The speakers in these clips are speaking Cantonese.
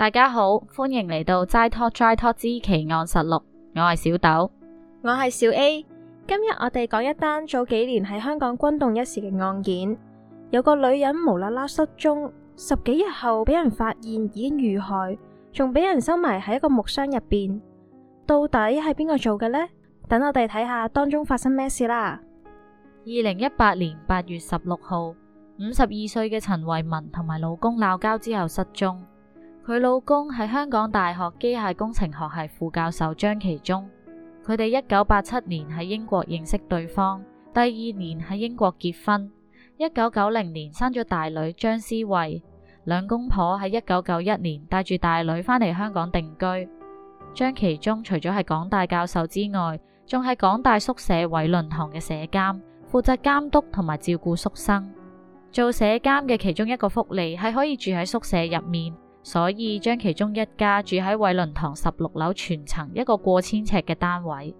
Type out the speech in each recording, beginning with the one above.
大家好，歡迎嚟到齋 Talk 齋 Talk 之奇案實錄。我係小豆，我係小 A。今日我哋講一單早幾年喺香港轟動一時嘅案件，有個女人無啦啦失蹤，十幾日後俾人發現已經遇害，仲俾人收埋喺一個木箱入邊。到底係邊個做嘅呢？等我哋睇下當中發生咩事啦。二零一八年八月十六號，五十二歲嘅陳慧文同埋老公鬧交之後失蹤。佢老公係香港大學機械工程學系副教授張祺忠，佢哋一九八七年喺英國認識對方，第二年喺英國結婚，一九九零年生咗大女張思慧。兩公婆喺一九九一年帶住大女翻嚟香港定居。張祺忠除咗係港大教授之外，仲係港大宿舍偉倫堂嘅社監，負責監督同埋照顧宿生。做社監嘅其中一個福利係可以住喺宿舍入面。所以張祺忠一家住喺偉倫堂十六樓全層一個過千尺嘅單位，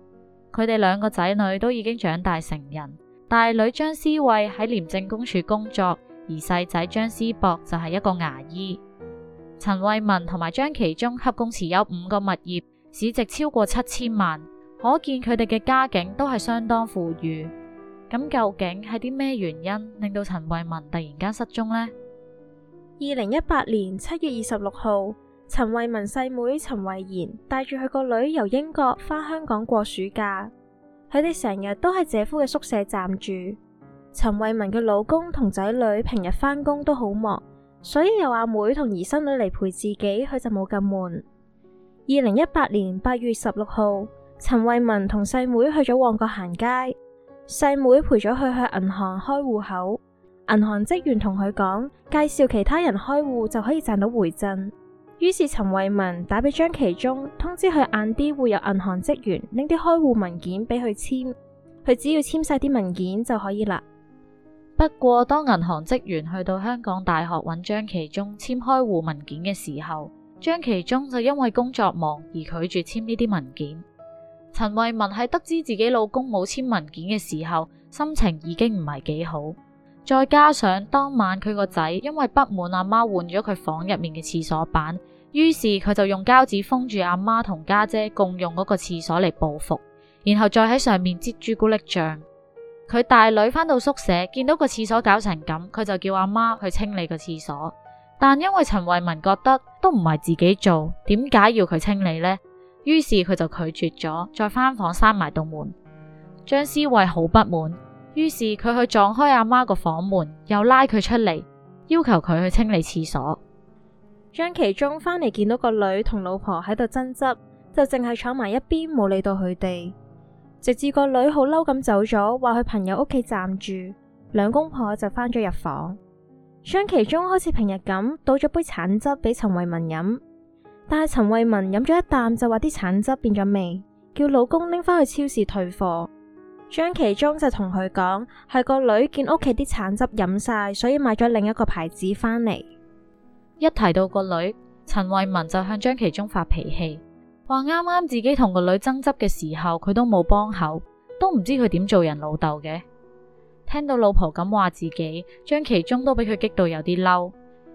佢哋兩個仔女都已經長大成人，大女張思慧喺廉政公署工作，而細仔張思博就係一個牙醫。陳慧文同埋張祺忠合共持有五個物業，市值超過七千萬，可見佢哋嘅家境都係相當富裕。咁究竟係啲咩原因令到陳慧文突然間失蹤呢？二零一八年七月二十六號，陳慧文細妹陳慧嫻帶住佢個女由英國返香港過暑假，佢哋成日都喺姐夫嘅宿舍暫住。陳慧文嘅老公同仔女平日返工都好忙，所以由阿妹同姨甥女嚟陪自己，佢就冇咁悶。二零一八年八月十六號，陳慧文同細妹去咗旺角行街，細妹陪咗佢去銀行開戶口。銀行職員同佢講，介紹其他人開戶就可以賺到回贈。於是陳慧文打俾張祺忠，通知佢晏啲會有銀行職員拎啲開戶文件俾佢簽，佢只要簽晒啲文件就可以啦。不過當銀行職員去到香港大學揾張祺忠簽開戶文件嘅時候，張祺忠就因為工作忙而拒絕簽呢啲文件。陳慧文喺得知自己老公冇簽文件嘅時候，心情已經唔係幾好。再加上當晚佢個仔因為不滿阿媽換咗佢房入面嘅廁所板，於是佢就用膠紙封住阿媽同家姐共用嗰個廁所嚟報復，然後再喺上面擠朱古力醬。佢大女返到宿舍見到個廁所搞成咁，佢就叫阿媽去清理個廁所，但因為陳慧文覺得都唔係自己做，點解要佢清理呢？於是佢就拒絕咗，再返房閂埋度門。張祺忠好不滿。於是佢去撞開阿媽個房門，又拉佢出嚟，要求佢去清理廁所。張祺忠返嚟見到個女同老婆喺度爭執，就淨係坐埋一邊冇理到佢哋，直至個女好嬲咁走咗，話去朋友屋企暫住。兩公婆就返咗入房，張祺忠好似平日咁倒咗杯橙汁俾陳慧文飲，但係陳慧文飲咗一啖就話啲橙汁變咗味，叫老公拎返去超市退貨。張祺忠就同佢講，係個女見屋企啲橙汁飲晒，所以買咗另一個牌子返嚟。一提到個女，陳慧文就向張祺忠發脾氣，話啱啱自己同個女爭執嘅時候，佢都冇幫口，都唔知佢點做人老豆嘅。聽到老婆咁話自己，張祺忠都俾佢激到有啲嬲，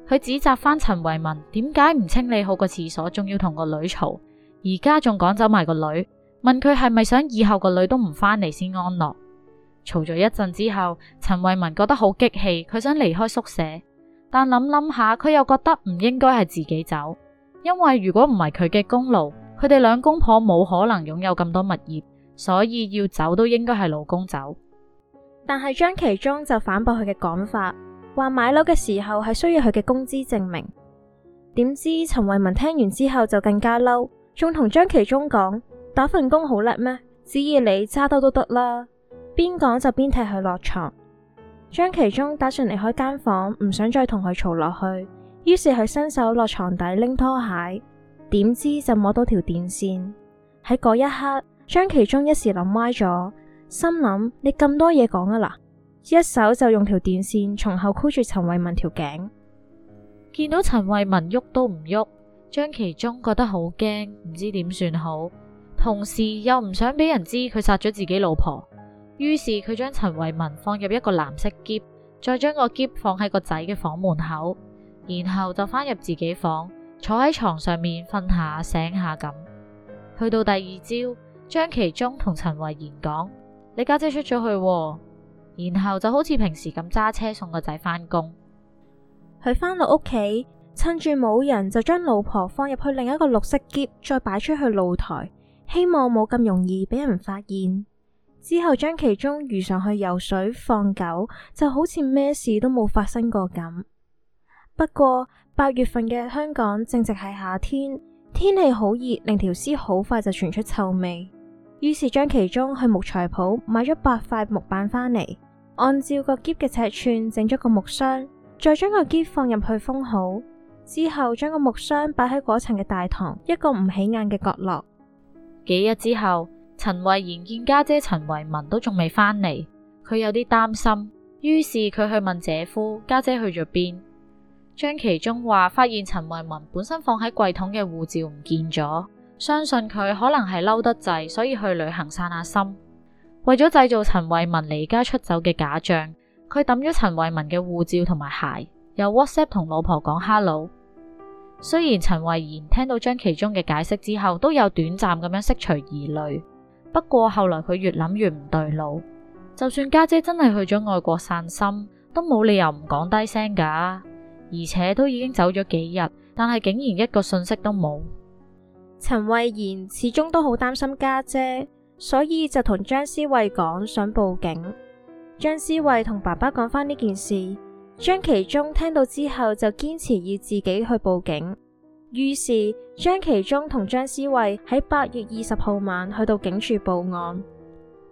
佢指責返陳慧文點解唔清理好個廁所，仲要同個女嘈，而家仲趕走埋個女。問佢係咪想以後個女都唔返嚟，先安樂？嘈咗一陣之後，陳慧文覺得好激氣，佢想離開宿舍，但諗諗下，佢又覺得唔應該係自己走，因為如果唔係佢嘅功勞，佢哋兩公婆冇可能擁有咁多物業，所以要走都應該係老公走。但係張祺忠就反駁佢嘅講法，話買樓嘅時候係需要佢嘅工資證明。點知陳慧文聽完之後就更加嬲，仲同張祺忠講。打份工好叻咩？只要你揸兜都得啦。邊講就邊踢佢落床，張祺忠打算離開間房，唔想再同佢嘈落去，於是佢伸手落床底拎拖鞋，點知就摸到條電線。喺嗰一刻，張祺忠一時諗歪咗，心諗你咁多嘢講啊嗱，一手就用條電線從後箍住陳慧文條頸，見到陳慧文喐都唔喐，張祺忠覺得好驚，唔知點算好。同時又唔想俾人知佢殺咗自己老婆，於是佢將陳慧文放入一個藍色箧，再將個箧放喺個仔嘅房門口，然後就返入自己房坐喺床上面瞓下醒下咁。去到第二朝，張祺忠同陳慧賢講：你家姐，姐出咗去喎，然後就好似平時咁揸車送個仔返工。佢返到屋企，趁住冇人就將老婆放入去另一個綠色箧，再擺出去露台。希望冇咁容易俾人發現之後，張祺忠如常去游水、放狗，就好似咩事都冇發生過咁。不過八月份嘅香港正值係夏天，天氣好熱，令條屍好快就傳出臭味。於是張祺忠去木材鋪買咗八塊木板返嚟，按照個箧嘅尺寸整咗個木箱，再將個箧放入去封好之後，將個木箱擺喺嗰層嘅大堂一個唔起眼嘅角落。幾日之後，陳慧然見家姐陳慧文都仲未返嚟，佢有啲擔心，於是佢去問姐夫家姐，姐去咗邊？張祺忠話發現陳慧文本身放喺櫃桶嘅護照唔見咗，相信佢可能係嬲得滯，所以去旅行散下心。為咗製造陳慧文離家出走嘅假象，佢抌咗陳慧文嘅護照同埋鞋，又 WhatsApp 同老婆講 hello。雖然陳慧妍聽到張祺忠嘅解釋之後，都有短暫咁樣釋除疑慮，不過後來佢越諗越唔對路。就算家姐真係去咗外國散心，都冇理由唔講低聲噶，而且都已經走咗幾日，但係竟然一個信息都冇。陳慧妍始終都好擔心家姐，所以就同張思慧講想報警。張思慧同爸爸講返呢件事。張祺忠聽到之後就堅持要自己去報警，於是張祺忠同張思慧喺八月二十號晚去到警署報案。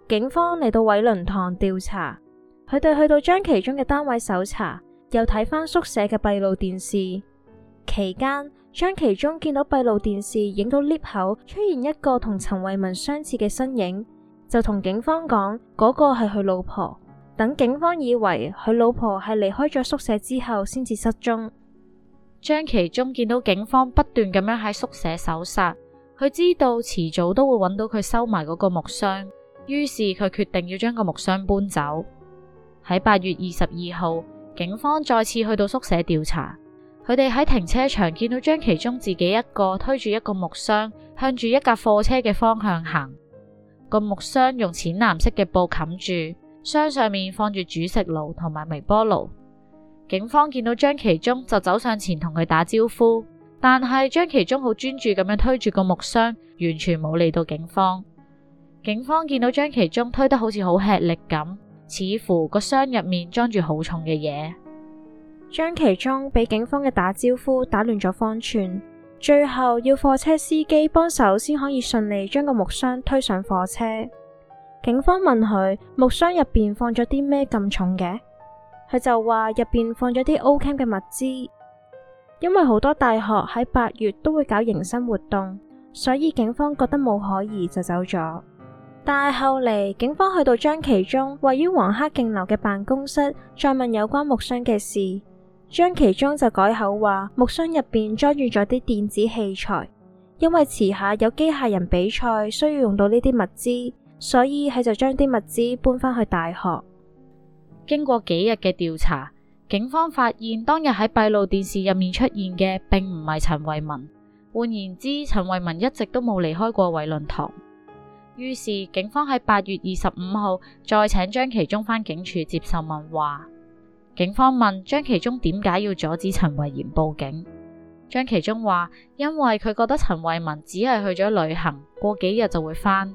警方嚟到偉倫堂調查，佢哋去到張祺忠嘅單位搜查，又睇翻宿舍嘅閉路電視。期間，張祺忠見到閉路電視影到 lift 口出現一個同陳慧文相似嘅身影，就同警方講嗰個係佢老婆，等警方以為佢老婆係離開咗宿舍之後，先至失蹤。張祺忠見到警方不斷咁樣喺宿舍搜殺，佢知道遲早都會揾到佢收埋嗰個木箱，於是佢決定要將個木箱搬走。喺八月二十二號，警方再次去到宿舍調查，佢哋喺停車場見到張祺忠自己一個推住一個木箱，向住一架貨車嘅方向行。個木箱用淺藍色嘅布冚住。箱上面放住煮食爐同埋微波爐。警方見到張祺忠就走上前同佢打招呼，但係張祺忠好專注咁樣推住個木箱，完全冇理到警方。警方見到張祺忠推得好似好吃力咁，似乎個箱入面裝住好重嘅嘢。張祺忠俾警方嘅打招呼打亂咗方寸，最後要貨車司機幫手先可以順利將個木箱推上貨車。警方問佢木箱入邊放咗啲咩咁重嘅？佢就話入邊放咗啲 O Camp 嘅物資。因為好多大學喺八月都會搞迎新活動，所以警方覺得冇可疑就走咗。但係後嚟，警方去到張祺忠位於黃克競樓嘅辦公室，再問有關木箱嘅事，張祺忠就改口話木箱入邊裝住咗啲電子器材，因為遲下有機械人比賽需要用到呢啲物資。所以佢就將啲物資搬翻去大學。經過幾日嘅調查，警方發現當日喺閉路電視入面出現嘅，並唔係陳慧文。換言之，陳慧文一直都冇離開過偉倫堂。於是警方喺八月二十五號再請張祺忠返警署接受問話。警方問張祺忠點解要阻止陳慧賢報警？張祺忠話：因為佢覺得陳慧文只係去咗旅行，過幾日就會返。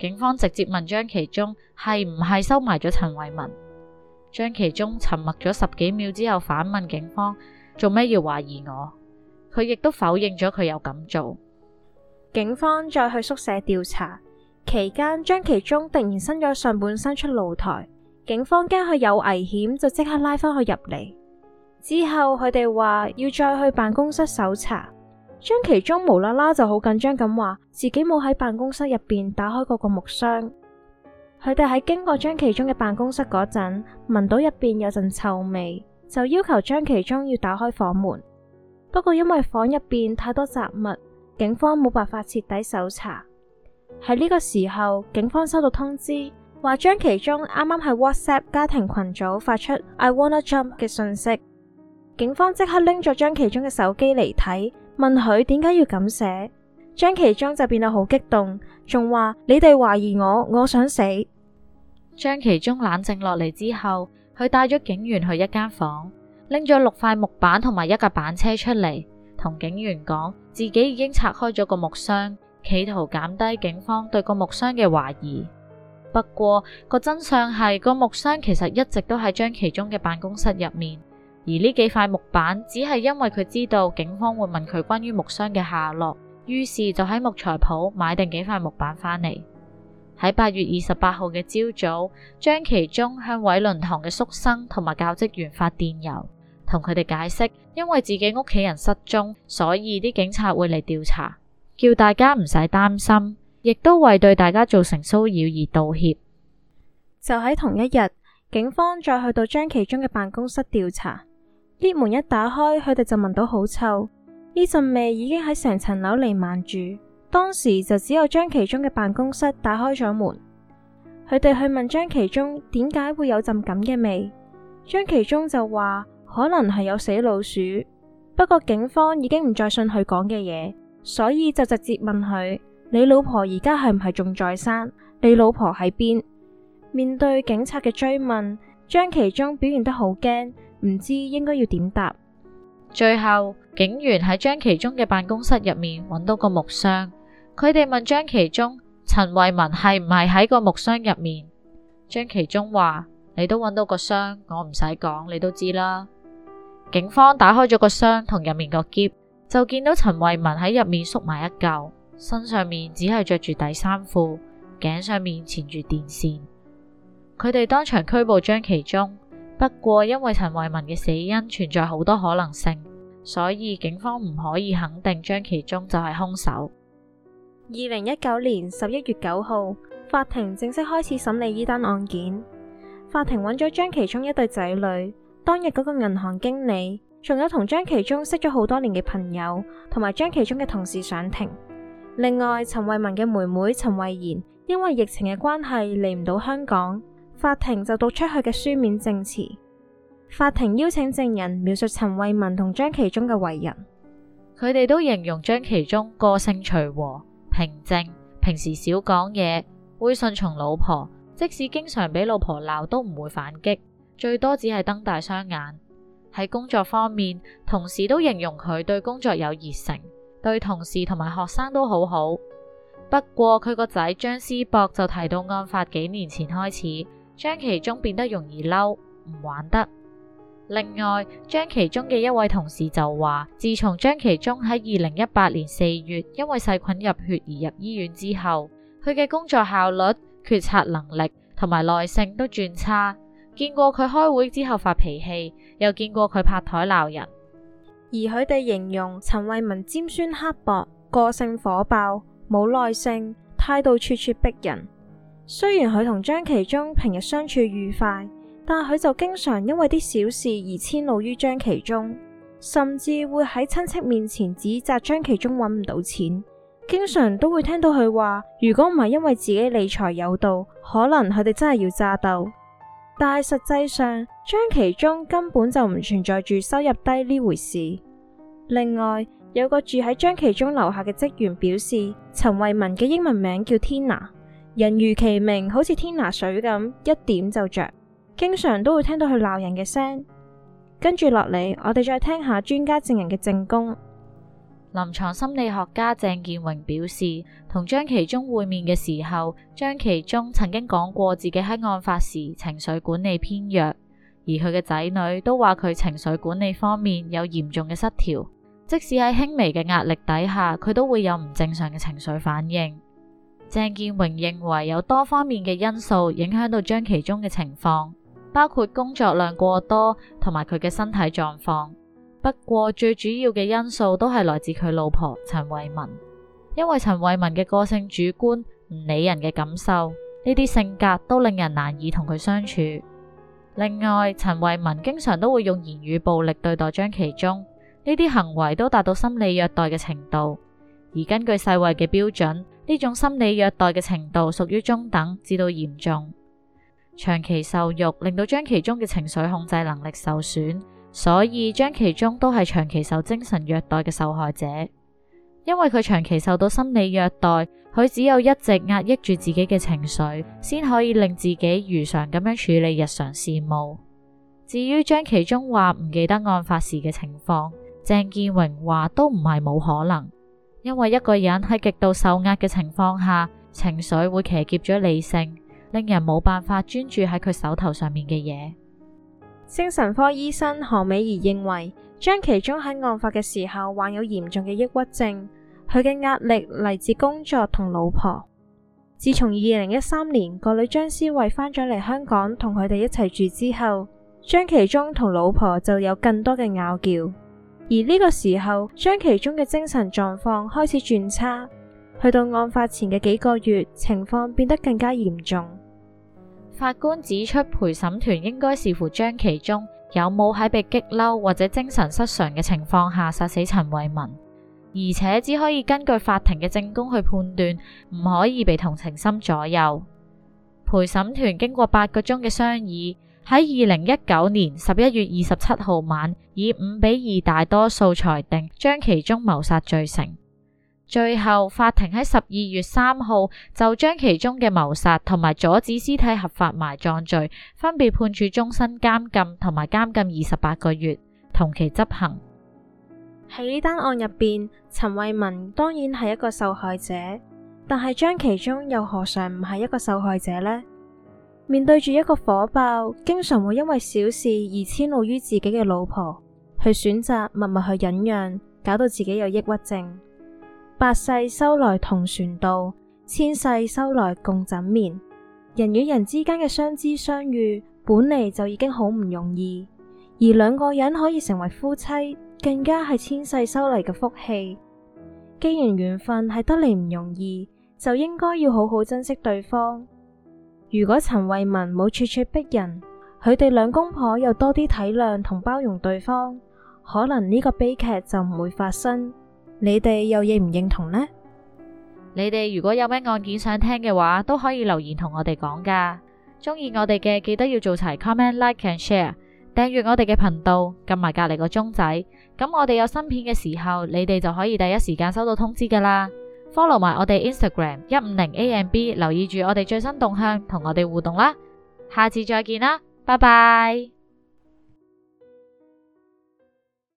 警方直接問張祺忠係唔係收埋咗陳慧文，張祺忠沉默咗十幾秒之後反問警方做咩要懷疑我，佢亦都否認咗佢有咁做。警方再去宿舍調查期間，張祺忠突然伸咗上半身出露台，警方驚佢有危險就即刻拉返佢入嚟。之後佢哋話要再去辦公室搜查。張其中無啦啦就好緊張咁話，自己冇喺辦公室入邊打開嗰個木箱。佢哋喺經過張其中嘅辦公室嗰陣，聞到入邊有陣臭味，就要求張其中要打開房門。不過因為房入邊太多雜物，警方冇辦法徹底搜查。喺呢個時候，警方收到通知，話張其中啱啱喺 WhatsApp 家庭群組發出 “I wanna jump” 嘅信息。警方即刻拎咗張祺忠嘅手機嚟睇，問佢點解要咁寫。張祺忠就變得好激動，仲話你哋懷疑我，我想死。張祺忠冷靜落嚟之後，佢帶咗警員去一間房，拎咗六塊木板同埋一架板車出嚟，同警員講自己已經拆開咗個木箱，企圖減低警方對個木箱嘅懷疑。不過，個真相係個木箱其實一直都喺張祺忠嘅辦公室入面。而呢幾塊木板只係因為佢知道警方會問佢關於木箱嘅下落，於是就喺木材鋪買定幾塊木板翻嚟。喺八月二十八號嘅朝早，張祺忠向偉倫堂嘅宿生同埋教職員發電郵，同佢哋解釋因為自己屋企人失蹤，所以啲警察會嚟調查，叫大家唔使擔心，亦都為對大家造成騷擾而道歉。就喺同一日，警方再去到張祺忠嘅辦公室調查。啲門一打開，佢哋就聞到好臭，呢陣味已經喺成層樓瀰漫住。當時就只有張祺忠嘅辦公室打開咗門，佢哋去問張祺忠點解會有陣咁嘅味，張祺忠就話可能係有死老鼠。不過警方已經唔再信佢講嘅嘢，所以就直接問佢：你老婆而家係唔係仲在生？你老婆喺邊？面對警察嘅追問，張祺忠表現得好驚，唔知應該要點答。最後警員喺張祺忠嘅辦公室入面揾到個木箱，佢哋問張祺忠：陳慧文係唔係喺個木箱入面？張祺忠話：你都揾到個箱，我唔使講，你都知啦。警方打開咗個箱同入面個喼，就見到陳慧文喺入面縮埋一嚿，身上面只係着住底衫褲，頸上面纏住電線。佢哋當場拘捕張祺忠。不過，因為陳慧文嘅死因存在好多可能性，所以警方唔可以肯定張祺忠就係兇手。二零一九年十一月九號，法庭正式開始審理呢單案件。法庭揾咗張祺忠一對仔女，當日嗰個銀行經理，仲有同張祺忠識咗好多年嘅朋友，同埋張祺忠嘅同事上庭。另外，陳慧文嘅妹妹陳慧賢因為疫情嘅關係嚟唔到香港。法庭就讀出去嘅書面證詞。法庭邀請證人描述陳慧文同張祺忠嘅為人，佢哋都形容張祺忠個性隨和平靜，平時少講嘢，會順從老婆，即使經常俾老婆鬧都唔會反擊，最多只係瞪大雙眼。喺工作方面，同事都形容佢對工作有熱誠，對同事同埋學生都好好。不過佢個仔張思博就提到案發幾年前開始。張祺忠變得容易嬲，唔玩得。另外，張祺忠嘅一位同事就話，自從張祺忠喺二零一八年四月因為細菌入血而入醫院之後，佢嘅工作效率、決策能力同埋耐性都轉差。見過佢開會之後發脾氣，又見過佢拍台鬧人。而佢哋形容陳慧文尖酸刻薄、個性火爆、冇耐性、態度咄咄逼人。雖然佢同張祺忠平日相處愉快，但佢就經常因為啲小事而遷怒於張祺忠，甚至會喺親戚面前指責張祺忠揾唔到錢，經常都會聽到佢話：如果唔係因為自己理財有道，可能佢哋真係要揸兜。但係實際上，張祺忠根本就唔存在住收入低呢回事。另外，有個住喺張祺忠樓下嘅職員表示，陳慧文嘅英文名叫 Tina。人如其名，好似天拿水咁，一點就着。經常都會聽到佢鬧人嘅聲。跟住落嚟，我哋再聽下專家證人嘅證供。臨床心理學家鄭健榮表示，同張祺忠會面嘅時候，張祺忠曾經講過自己喺案發時情緒管理偏弱，而佢嘅仔女都話佢情緒管理方面有嚴重嘅失調，即使喺輕微嘅壓力底下，佢都會有唔正常嘅情緒反應。鄭建榮認為有多方面嘅因素影響到張祺忠嘅情況，包括工作量過多同埋佢嘅身體狀況。不過最主要嘅因素都係來自佢老婆陳慧文，因為陳慧文嘅個性主觀，唔理人嘅感受，呢啲性格都令人難以同佢相處。另外，陳慧文經常都會用言語暴力對待張祺忠，呢啲行為都達到心理虐待嘅程度。而根據世衛嘅標準。呢種心理虐待嘅程度屬於中等至到嚴重，長期受辱令到張祺忠嘅情緒控制能力受損，所以張祺忠都係長期受精神虐待嘅受害者。因為佢長期受到心理虐待，佢只有一直壓抑住自己嘅情緒，先可以令自己如常咁樣處理日常事務。至於張祺忠話唔記得案發時嘅情況，鄭健榮話都唔係冇可能。因為一個人喺極度受壓嘅情況下，情緒會騎劫咗理性，令人冇辦法專注喺佢手頭上面嘅嘢。精神科醫生何美儀認為，張祺忠喺案發嘅時候患有嚴重嘅抑鬱症，佢嘅壓力嚟自工作同老婆。自從二零一三年個女張思慧返咗嚟香港同佢哋一齊住之後，張祺忠同老婆就有更多嘅拗撬。而呢個時候，張祺忠嘅精神狀況開始轉差，去到案發前嘅幾個月，情況變得更加嚴重。法官指出，陪審團應該視乎張祺忠有冇喺被激嬲或者精神失常嘅情況下殺死陳慧文，而且只可以根據法庭嘅證供去判斷，唔可以被同情心左右。陪審團經過八個鐘嘅商議。喺二零一九年十一月二十七號晚，以五比二大多數裁定，將祺忠謀殺罪成。最後，法庭喺十二月三號就將祺忠嘅謀殺同埋阻止屍體合法埋葬罪，分別判處終身監禁同埋監禁二十八個月，同期執行。喺呢單案入邊，陳慧文當然係一個受害者，但係張祺忠又何嘗唔係一個受害者呢？面對住一個火爆，經常會因為小事而遷怒於自己嘅老婆，去選擇默默去忍讓，搞到自己有抑鬱症。百世修來同船渡，千世修來共枕眠。人與人之間嘅相知相遇，本嚟就已經好唔容易，而兩個人可以成為夫妻，更加係千世修嚟嘅福氣。既然緣分係得嚟唔容易，就應該要好好珍惜對方。如果陳慧文冇咄咄逼人，佢哋兩公婆又多啲體諒同包容對方，可能呢個悲劇就唔會發生。你哋又認唔認同呢？你哋如果有咩案件想聽嘅話，都可以留言同我哋講噶。鍾意我哋嘅，記得要做齊 comment、like and share，訂閱我哋嘅頻道，撳埋隔籬個鐘仔，咁我哋有新片嘅時候，你哋就可以第一時間收到通知噶啦。Follow 埋我哋 Instagram 一五零 AMB，留意住我哋最新動向，同我哋互動啦。下次再見啦，拜拜。